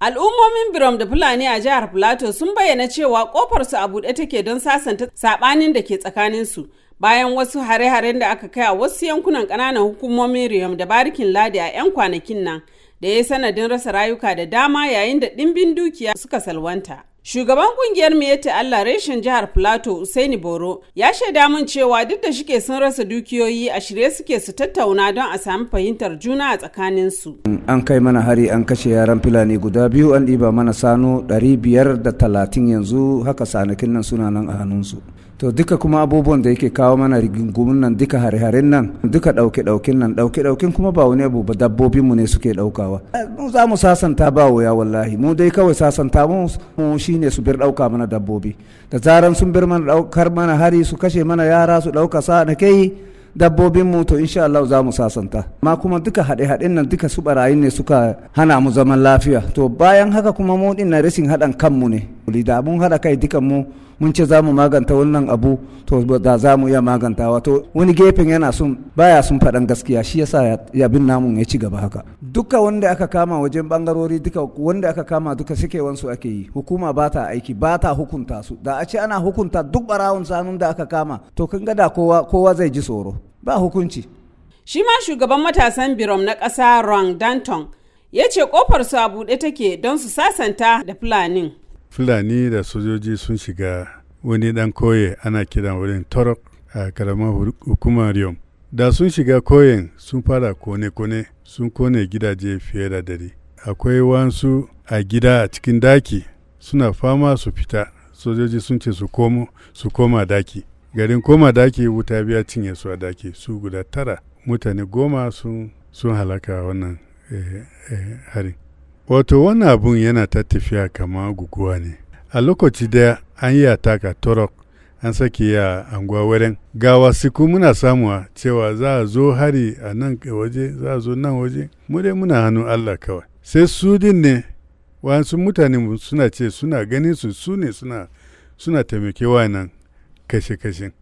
Al'ummomin Birom da Fulani a jihar Plateau sun bayyana cewa kofarsu a buɗe take don sasanta saɓanin da ke tsakaninsu bayan wasu hare-haren da aka kai a wasu yankunan ƙananan hukumomin Riyam da Barikin Ladi a 'yan kwanakin nan da ya sanadin rasa rayuka da dama yayin da ɗimbin dukiya suka salwanta. Shugaban kungiyar Miyete Allah reshen jihar Plateau Usaini Boro ya shaida mun cewa duk da shike sun rasa dukiyoyi a shirye suke su tattauna don a sami fahimtar juna a tsakanin su. An kai mana hari an kashe yaran Fulani guda biyu an ɗiba mana sano 530 yanzu haka sanakin nan suna nan a hannun su to duka kuma abubuwan da yake kawo mana rigingumin nan duka hare-haren nan duka ɗauke-ɗauken nan ɗauke-ɗauken kuma ba wani abu ba dabbobin mu ne suke ɗaukawa eh, mu za mu sasanta ba wuya wallahi mu dai kawai sasanta mu mu shine su bir ɗauka mana dabbobi da zaran sun bir mana ɗaukar mana hari su kashe mana yara su ɗauka sa na kai dabbobin mu to insha Allah za mu sasanta ma kuma duka haɗe-haɗen nan duka su barayin ne suka hana mu zaman lafiya to bayan haka kuma mu din na rashin haɗan kanmu ne da mun haɗa kai dukan mu mun ce za mu maganta wannan abu to da za mu iya magantawa to wani gefen yana sun baya sun faɗan gaskiya shi yasa yabin namun ya ci gaba haka duka wanda aka kama wajen bangarori duka wanda aka kama duka wansu ake yi hukuma ba ta aiki ba ta hukunta su da a ce ana hukunta duk barawun sanun da aka kama to kun ga da kowa kowa zai ji tsoro ba hukunci shi ma shugaban matasan birom na ƙasa rong danton ya ce kofar su a buɗe take don su sasanta da fulanin fulani da sojoji sun shiga wani dan koye ana kiran wurin torok a karamar hukumar yom da sun shiga koyen sun fara kone-kone sun kone gidaje fiye da dare akwai wansu a gida a cikin daki suna fama su fita sojoji sun ce su komo su koma daki garin koma daki wuta biya cinye su a daki su guda tara mutane goma sun halaka wannan eh, eh, harin Wato wannan abun yana ta tafiya kama guguwa ne. A lokaci da an yi ataka torok an sake ya anguwa wurin. Ga ku muna samuwa cewa za a zo hari a nan waje za a zo nan waje. Mu dai muna hannun Allah kawai. Sai su din ne wasu mutane suna ce suna ganin su su ne suna suna taimake nan kashe kashe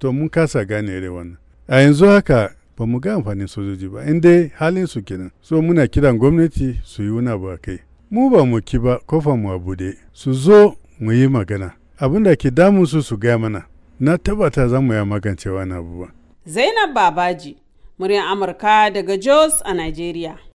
To mun kasa gane da wannan. A yanzu haka ba mu ga amfanin sojoji ba in dai halin su kenan so muna kiran gwamnati su yi wuna ba kai mu ba mu ki ba kofar mu a bude su zo mu yi magana abin da ke damun su su gaya mana na tabbata za mu ya magancewa na abubuwa zainab babaji muryar amurka daga jos a nigeria